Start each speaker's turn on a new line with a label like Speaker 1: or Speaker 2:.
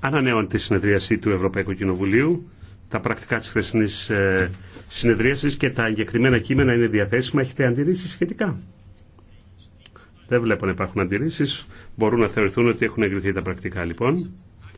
Speaker 1: Ανανεώνεται τη συνεδρίαση του Ευρωπαϊκού Κοινοβουλίου. Τα πρακτικά της χθεσινή ε, συνεδρίασης και τα εγκεκριμένα κείμενα είναι διαθέσιμα. Έχετε αντιρρήσεις σχετικά. Δεν βλέπω να υπάρχουν αντιρρήσει. Μπορούν να θεωρηθούν ότι έχουν εγκριθεί τα πρακτικά
Speaker 2: λοιπόν.